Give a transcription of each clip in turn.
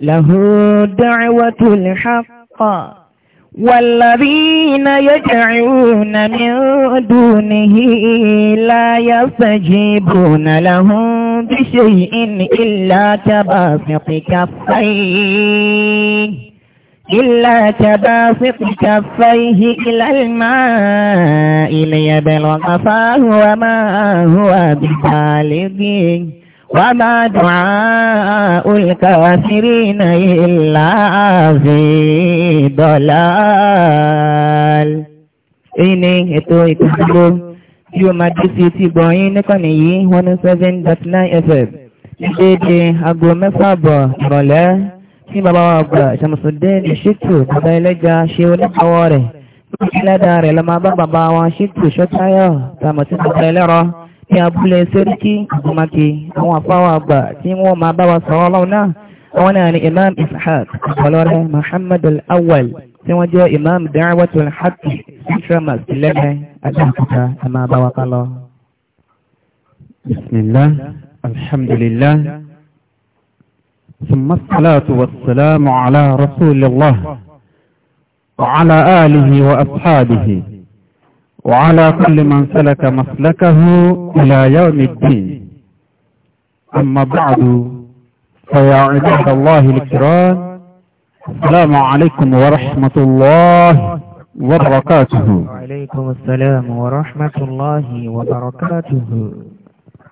له دعوة الحق والذين يدعون من دونه لا يستجيبون لهم بشيء إلا تباسط كفيه إلا تباسط كفيه إلى الماء ليبلغ فاه وما هو بخالقه وما دعاء الكافرين إلا في ضلال èyí ni ètò ìpínlẹ̀ tí ó máa dé sí ti gbọ̀nyìn níkànnì yìí 107.9 FM ìdédé aago mẹ́fà bọ̀ ìrọ̀lẹ́ tí bàbá wa gbà ìṣàmùsùndé ní ṣètò bàbá ẹlẹ́jà ṣe oníkàwọ́ rẹ̀ lọ́dà rẹ̀ lọ́mọ bá bàbá wa ṣètò ṣọ́táyọ̀ tàmọ̀tí bàbá ẹlẹ́rọ ní abúlé sẹ́ríkí àgbàmáke àwọn àfáwà àgbà tí wọ́n máa bá wa sọ̀rọ̀ ọlọ́run náà àwọn náà ni imam ishaq ọlọ́rẹ́ muhammad al-awwal tí wọ́n jẹ́ imam da'watul haqq central mosque lẹ́gbẹ̀ẹ́ a máa bá wa ká ثم الصلاة والسلام على رسول الله وعلى آله وأصحابه وعلى كل من سلك مسلكه إلى يوم الدين أما بعد فيا عباد الله الكرام السلام عليكم ورحمة الله وبركاته وعليكم السلام ورحمة الله وبركاته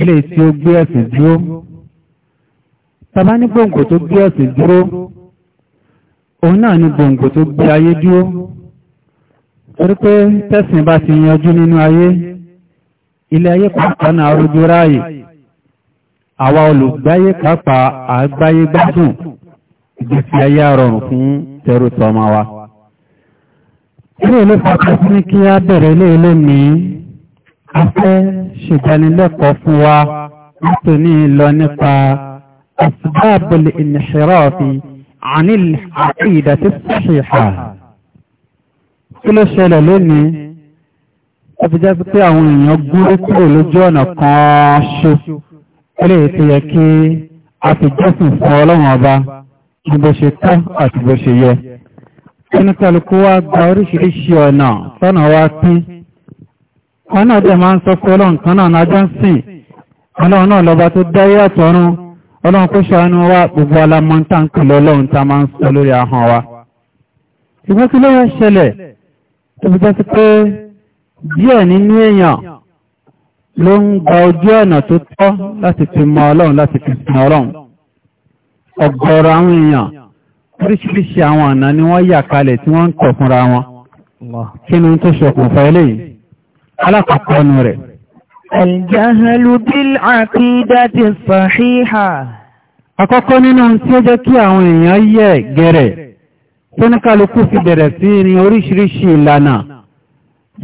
ilé tí ó gbé ẹ̀sìn dúró tàbá ní gbòǹgbò tó gbé ẹ̀sìn dúró òun náà ni gbòǹgbò tó gbé ayé dúró torí pé tẹ́sìn bá ti yanjú nínú ayé ilé ayé pàápàá náà rújú ráàyè àwa olùgbáyé pàápàá àgbáyé gbádùn ìgbésí ayé àrọ̀rùn fún tẹrù tọmọ wa ilé ìlú pàtàkì ní kí á bẹ̀rẹ̀ ilé ìlú mìí a fẹ́ ṣèdánilẹ́kọ̀ọ́ fún wa nítorí lọ nípa asbábùl ìnìṣẹ́rọ́ọ̀fì àníl àkídà tí sàṣìṣà kí ló ṣẹlẹ̀ lónìí ó fi jẹ́ pé àwọn èèyàn gúrú kúrò lójú ọ̀nà kan ṣo eléyìí tó yẹ kí a fi jọ́sìn fún ọlọ́run ọba ní bó ṣe tọ́ àti bó ṣe yẹ kí ní kálukú wá gba oríṣiríṣi ọ̀nà sọ́nà wá pín wọn náà dẹ̀ máa ń sọ pé ọlọ́run kan náà lájọ́ ń sìn ọlọ́run náà lọ́ba tó dáyé àtọ̀run ọlọ́run kó ṣàánú wa gbogbo alamọ́ntà ń kàn lọ́lọ́run tá máa ń sọ lórí ahọ́n wa ṣùgbọ́n kí ló yẹ ṣẹlẹ̀ tó fi oríṣiríṣi àwọn ọ̀nà ni wọ́n yà kalẹ̀ tí wọ́n ń kọ̀ fúnra wọn kí ni tó ṣokùnfà eléyìí alákọ̀ọ́kọ́ nù rẹ̀. aljahalu bil aqidati sahiha. àkọ́kọ́ nínú tí ó jẹ́ kí àwọn èèyàn yẹ gẹ̀rẹ̀ tó ní kálukú fi bẹ̀rẹ̀ sí ní oríṣiríṣi ìlànà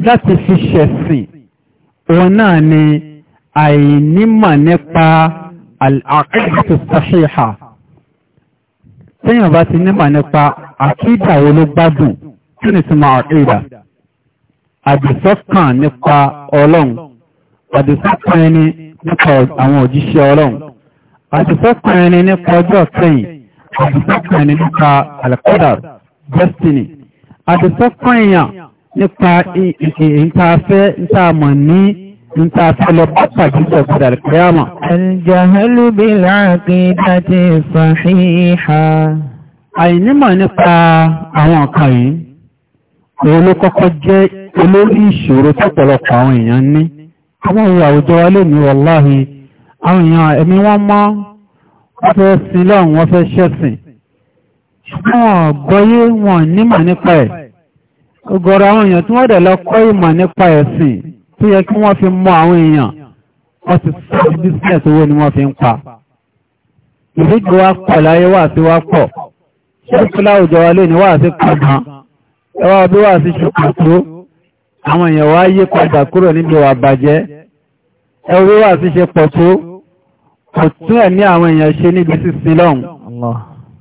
láti fi ṣẹ̀sìn òun náà ni àìnímọ̀ nípa al àdìsọ́kàn nípa ọlọ́run àdìsọ́kàn ẹni nípa àwọn òjíṣẹ́ ọlọ́run àdìsọ́kàn ẹni nípa ọjọ́ kẹ́yìn àdìsọ́kàn ẹni nípa alqadar destiny àdìsọ́kàn èèyàn nípa ìntàfẹ́ ìntàmọ̀ ní انت اصل بطاقه كده القيامه الجهل بالعقيده الصحيحه اينما نقع àwọn kan yìí òun ló kọ́kọ́ jẹ́ olórí ìṣòro tọ́pọ̀lọpọ̀ àwọn èèyàn ní àwọn òun àwùjọ wa lè ní wọláhì àwọn èèyàn ẹ̀mí wọ́n mọ́ wọ́n fẹ́ sin lọ́run wọ́n fẹ́ ṣẹ̀sìn ṣùgbọ́n gbọ́yé wọn nímọ̀ nípa ẹ̀ ọ̀gọ̀rọ̀ àwọn èèyàn tí wọ́n dẹ̀ lọ kọ́ ìmọ̀ nípa ẹ̀sìn tó yẹ kí wọ́n fi mọ àwọn èèyàn wọ́n ti sọ bísíǹnẹ̀s owó ni wọ́n fi ń pa ìdíje wa pọ̀ láyé wà sí wa pọ̀ ṣé kí láwùjọ wa lè ní wà sí pọ̀ gan-an ẹwà bí wà sí ṣùkàtó àwọn èèyàn wá yí padà kúrò níbi wà bàjẹ́ ẹwà bí wà sí ṣe pọ̀ tó kò tún ẹ̀ ní àwọn èèyàn ṣe níbi sísin lọ́hùn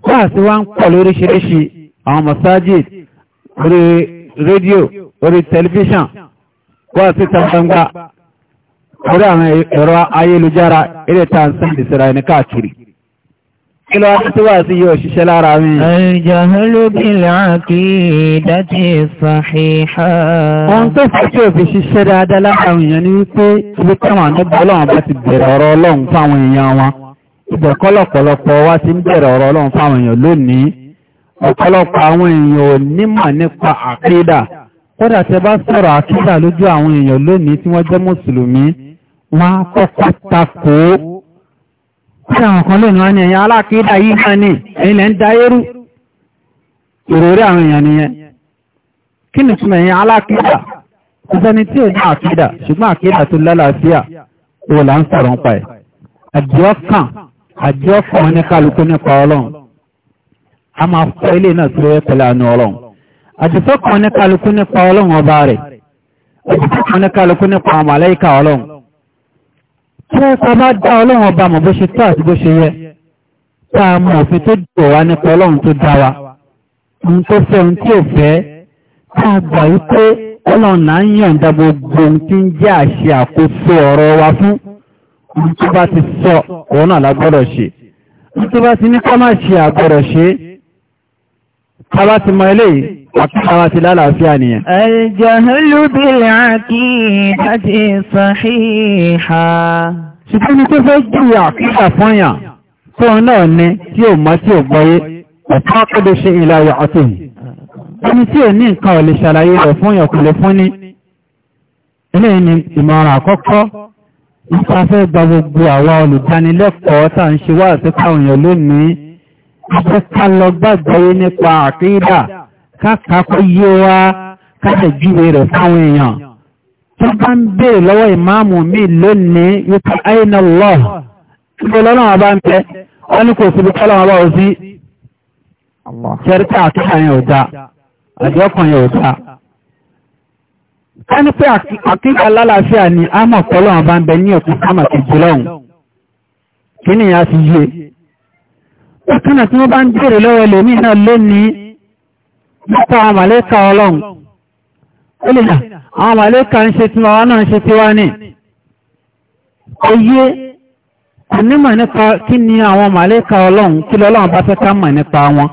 wà sí wá ń pọ̀ lóríṣiríṣi àwọn masajid orí rédíò orí tẹlifíṣàn wà sí tàbangba orí àwọn ẹ̀rọ ayélujára ilẹ̀ tàǹsán ìsìnrà ẹni káàkiri Kí ló wá tó wà sí yóò ṣiṣẹ́ lára mi? Àìjàhálú bí láàkí ìdájí ìsàhìhá. Wọ́n tó fẹ́ tí ò fi ṣiṣẹ́ dáadáa láàrin èèyàn ní wípé ibi táwọn àdẹ́gbọ́ ọlọ́run bá ti bẹ̀rẹ̀ ọ̀rọ̀ ọlọ́run fáwọn èèyàn wọn. Ìbẹ̀kọ́ lọ́pọ̀lọpọ̀ wá ti ń bẹ̀rẹ̀ ọ̀rọ̀ ọlọ́run fáwọn èèyàn lónìí. Ọ̀pọ̀lọpọ̀ àwọn èèyàn ò nímọ̀ nípa àkídà. Kódà tẹ bá sọ̀rọ̀ àkídà lójú àwọn èèyàn lónìí tí wọ́n jẹ́ Mùsùlùmí, wọ́n á kọ́kọ́ takòó tí àwọn kan lónìí wọ́n ní ẹ̀yà alákìídà yìí náà ní ilẹ̀ ń dáyérú ìròrí àwọn èèyàn nìyẹn kí ni túnmọ̀ ẹ̀yà alákìídà kò sẹ́ni tí ò ní àkìídà ṣùgbọ́n àkìídà tó lálàáfíà wò là ń sọ̀rọ̀ ń pa ẹ̀ àjọ kan àjọ kan ní kálukú nípa ọlọ́run a máa fọ ilé náà tó rẹ́ pẹ̀lú àánú tí ó sọ bá dá ọlọ́run ọba mọ̀ bó ṣe tó àti bó ṣe yẹ tá a mọ̀ òfin tó dò wá nípa ọlọ́run tó dá wa ohun tó fẹ́ ohun tí ò fẹ́ tá a gbà wípé ọlọ́run náà ń gbogbo ohun tí ń jẹ́ àṣẹ àkóso ọ̀rọ̀ wa fún ohun tó bá ti sọ òun náà lágbọ́dọ̀ ṣe ohun tó bá ti ní ká má ṣe àgbọ́dọ̀ ṣe tá a bá ti mọ eléyìí Àkíkàwà ti lálàáfíà nìyàn. Al-jahlu bil-aqidati sahiha. Ṣùgbọ́n ni tó fẹ́ jìyà kíkà fọ́nyà tó náà ní tí ò mọ́ tí ò gbọ́yé, ọ̀pá kọ́dọ̀ ṣe ìlàyà ọ̀tún. Ẹni tí ò ní nǹkan ò lè ṣàlàyé rẹ̀ fún ọkùnlé fún ní. Ilé ni ìmọ̀ràn àkọ́kọ́, kákàkọ́ yé wá kájẹ̀júwe rẹ̀ fáwọn èèyàn tó bá ń bèèrè lọ́wọ́ ìmáàmù mi lónìí wípé àìnà lọ́ ìgbòlọ́nà bá ń pẹ́ wọ́n ní kò síbi tọ́lọ́wọ́ bá ó sí ṣẹ́ríkà àtúkà yẹn ò dá àjọ́kàn yẹn ò dá ni a mọ̀ pọ́lọ́wọ́ bá ni a ti yé bákan náà tí wọ́n bá ń bèèrè lọ́wọ́ ẹlòmíì náà mọ́pọ̀ àwọn màlẹ́kà ọlọ́run ó lè náà àwọn màlẹ́kà ń ṣe tí wọ́n náà ń ṣe tí wá ní oyé kò nímọ̀ nípa kí ni àwọn màlẹ́kà ọlọ́run kí lọ́lọ́run bá fẹ́ ká mọ̀ nípa wọn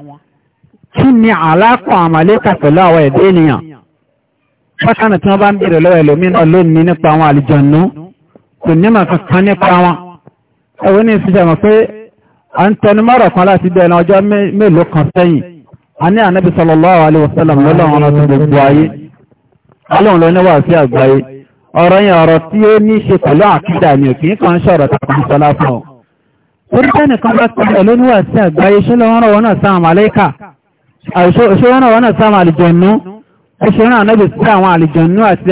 kí ni àlákọ̀ àwọn màlẹ́kà pẹ̀lú àwọn ẹ̀dẹ́ ènìyàn bákanà tí wọ́n bá ń bèèrè lọ́wọ́ ẹlòmínà lónìí nípa àwọn àlìjọ̀nú kò nímọ̀ kankan nípa wọn ẹ̀wọ́n ní ìfijàmọ̀ pé à ń tẹnumọ́rọ̀ kan láti bẹ̀rẹ̀ ọjọ́ mélòó kan sẹ́yìn a ní ànábì sallallahu alaihi wasallam lọ́lọ́run ọ̀nà tó gbogbo ayé ọlọ́run lọ níwà sí àgbáyé ọ̀rọ̀ yẹn ọ̀rọ̀ tí ó ní ṣe pẹ̀lú àkídà ni òkè ń kàn ṣọ̀rọ̀ tàbí sọlá fún ọ torí tẹ́nì kan bá tẹ̀lé lóníwà sí àgbáyé ṣọlọ́ wọn rọ̀wọ́n náà sáà màlẹ́kà ṣọlọ́ wọn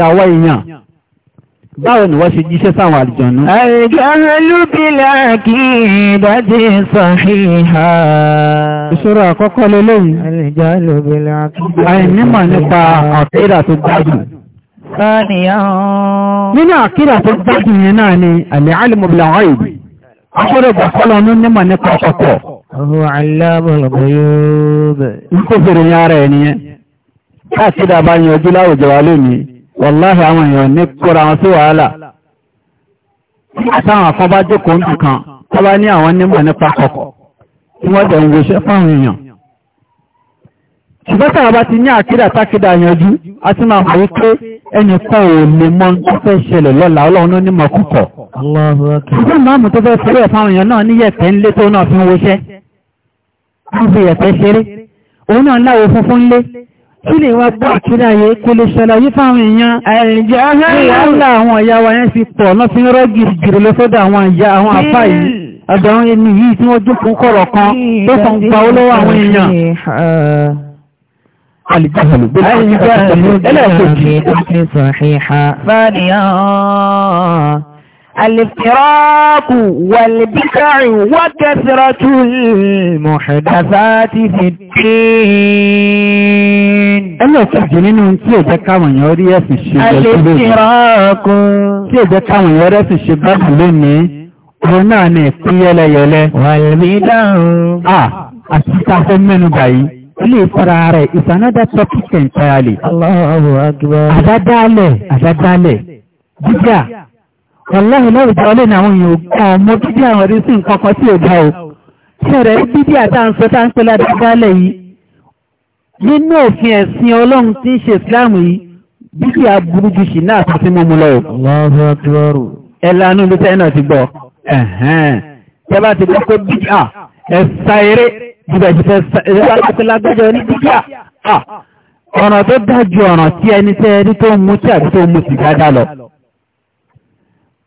rọ̀wọ́n Báwo ni wọ́n ṣe jíṣẹ́ sáwọn àlìjọ̀nú? Àìjọ́rọ̀lú bí láàkí ìdájí sàhíhà. Ìṣòro àkọ́kọ́ lélẹ́yìn. Àìjọ́rọ̀lú bí láàkí ìdájí sàhíhà. Àìnímọ̀ nípa àkídà tó gbádùn. Nínú àkídà tó gbádùn yẹn náà ni àlẹ́álìmọ̀ bí láwọn ìbí. Akọ́rọ̀ ìgbàkọ́lọ́ ní nímọ̀ nípa ọkọ̀. Ọ̀hún aláàbọ̀lọ̀bọ̀ Ń kó wàláhì àwọn èèyàn ní kóra wọn sí wàhálà àtàwọn àkan bá jókòó nù kan tó bá ní àwọn nímọ̀ nípa kọ̀kọ̀ tí wọ́n jẹ́ ìwòṣẹ́ fáwọn èèyàn ṣùgbọ́n tàbá ti ní àkídà tákídà yanjú a ti máa mọ̀ wípé ẹni kan ò lè mọ̀ tó fẹ́ ṣẹlẹ̀ lọ́la ọlọ́run ní mọ̀ kúkọ̀ ṣùgbọ́n máàmù tó fẹ́ fẹ́rẹ̀ fáwọn èèyàn náà ní yẹ̀pẹ̀ ńlé tó náà fi ń woṣẹ́ wọ́n fi yẹ̀pẹ̀ ṣeré òun náà láwo funfun ńlé kí lè wá gbọ́ àkírí ayé kò lè ṣàlàyé fáwọn èèyàn ẹ̀rìnjẹ́ ọ̀hánà àwọn ìyá wa yẹn fi pọ̀ náà fi ń rọ́ gìrìgìrì lọ́sọ́dọ̀ àwọn ìyá àwọn hmm. àfá yìí ọ̀dọ̀ ẹni yìí tí wọ́n jókòó kọ̀rọ̀ kan hmm. tó kàn gba olówó àwọn èèyàn hmm. الفراق والبدع وكثرة المحدثات في الدين ẹlẹ́ẹ̀kejì nínú tí ó jẹ́ káwọn èèyàn rí ẹ̀sìn ṣe tí ó jẹ́ káwọn èèyàn rí ẹ̀sìn ṣe bábù lónìí òun náà ní ìpín yẹlẹyẹlẹ àti ìtafẹ́ mẹ́nu báyìí ilé ìfara rẹ̀ is another topic entirely àdádálẹ̀ àdádálẹ̀ jíjà Wàláhì láwùjọ ọlẹ́ ní àwọn èèyàn kan mọ́ bíbí àwọn rí sí nǹkan kan tí ò dá o. Ṣẹ̀rẹ̀ bíbí àtàǹsọ tá ń pẹ́ ládàgbálẹ̀ yìí. Nínú òfin ẹ̀sìn Ọlọ́run tí ń ṣe Ìsìláàmù yìí, bíbí aburú ju ṣì náà tó sí mímú lọ. Ẹ lanú ló tẹ́nà ti gbọ́. Ṣé bá ti gbọ́ pé bíbí à ẹ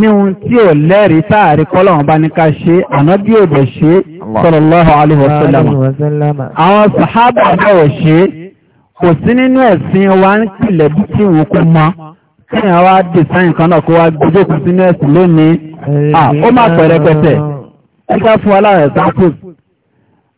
ní ohun tí ò lẹ́rí táàrí kọ́lọ̀wọ̀n bá ní ká ṣe ànábí ò bẹ̀ ṣe sallallahu alaihi wasallam àwọn sàhábà bẹ̀wọ̀ ṣe kò sí nínú ẹ̀sìn wa ń pìlẹ̀ bí tí wọ́n kú mọ́ kí ni àwa dìsáyìn kan náà kó wá gbójókù sínú ẹ̀sìn lónìí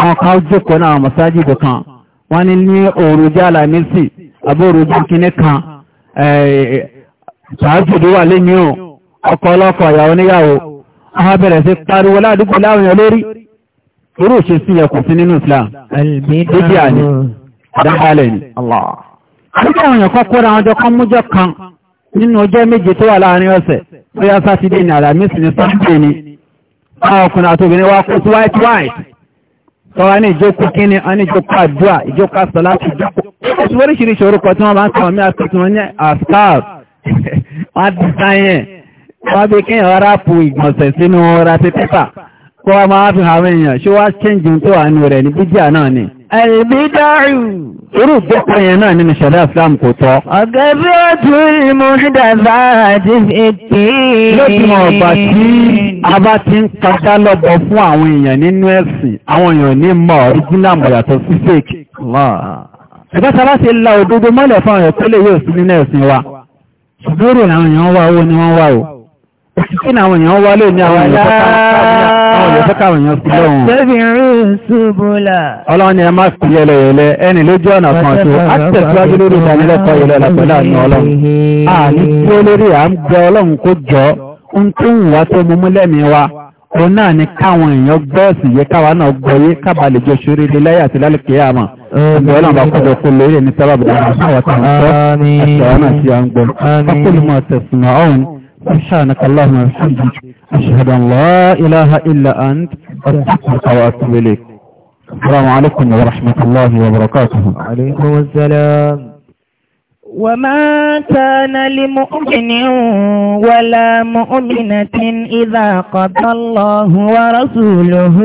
àwọn kan jókòó náà mọ̀sájìdì kan wọ́n ní ní òrùjá alamisi abóòrùjá kíní kan ṣàájùdó wà lé ní ò ọkọ ọlọ́kọ̀ ìyàwó níyàwó àwọn bẹ̀rẹ̀ sí pariwo ládùúgbò láwọn olórí irú òṣè sí ẹkùn sí nínú Islam dídí àní dáhálẹ̀ ni. nígbà àwọn èèyàn kan kóra àwọn ọjọ́ kan mújọ́ kan nínú ọjọ́ méje tó wà láàrin ọ̀sẹ̀ bóyá sátidé ni alamisi ni tọ́wà ní ìjókòó kíní a ní ìjókòó àdúà ìjókòó àsọ̀lá ti jókòó ẹ̀sì oríṣiríṣi orúkọ tí wọ́n bá ń sọ mí àtúntún wọn ní àskáàf wọ́n ti sáyẹn wọ́n bí kí èèyàn ráàpù ìgbọ̀nsẹ̀ sínú ọ̀rá ti pépà kó wọ́n máa fi àwọn èèyàn ṣé wọ́n tó wà nù rẹ̀ ní bíjà náà ni Àlbídáàrù. Irú ìjọpọ̀ yẹn náà nínú ṣẹ̀dá Islam kò tọ́. Ọ̀gẹ́bí ó tún ìmú ṣìdàbà àti ètè. Lójúmọ̀ ọ̀gbà tí a bá ti ń kọjá lọ́bọ̀ fún àwọn èèyàn nínú ẹ̀sìn, àwọn èèyàn ní mọ̀ original mọ̀ yàtọ̀ sí fake. Ẹgbẹ́ sábà ti la èèyàn wá owó ni àwọn èèyàn wá káwọn èèyàn sí lọ́wọ́n. Àtẹ́bìnrin ṣubúlà. Ọlọ́run ni ẹ máa fi yẹlẹyẹlẹ ẹni lójú ọ̀nà kan tó á tẹ̀síwájú lórí ìdánilẹ́kọ̀ọ́ yẹlẹ lápẹ̀lú àánú Ọlọ́run. À ní tí ó lérí à ń gbẹ Ọlọ́run kó jọ ohun tó ń wá tó mumú lẹ́mìí wa. Òun náà ni káwọn èèyàn gbọ́ọ̀sì yẹ káwa náà gbọ́yé kábàlì jọ ṣorí ilé láyé àti lálùkẹ́ àmọ́. Ẹgbẹ́ ọlọ́run bá kọjọ kó lórí ẹni sábàbí àwọn àwọn àtàwọn tó àti àwọn àti àwọn gbọ́. Ọkùnrin mọ̀ tẹ̀sùn náà ọ̀hún. سبحانك اللهم وبحمدك أشهد أن لا إله إلا أنت أستغفرك وأتوب إليك السلام عليكم ورحمة الله وبركاته وعليكم السلام وما كان لمؤمن ولا مؤمنة إذا قضى الله ورسوله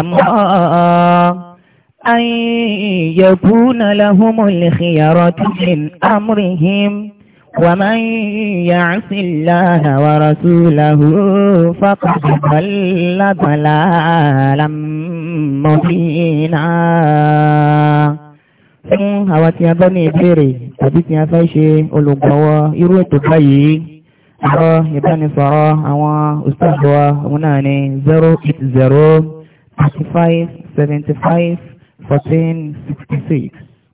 أمرا أن يكون لهم الخيرة من أمرهم ومن يعص الله ورسوله فقد ضل ضلالا مبينا fún àwọn tí a bá ní ìbéèrè tàbí tí a fẹ́ ṣe olùgbọ́wọ́ irú ètò báyìí ẹ̀rọ ìbánisọ̀rọ̀ àwọn òṣìṣẹ́ àwọn náà ni 080 35 75 14 66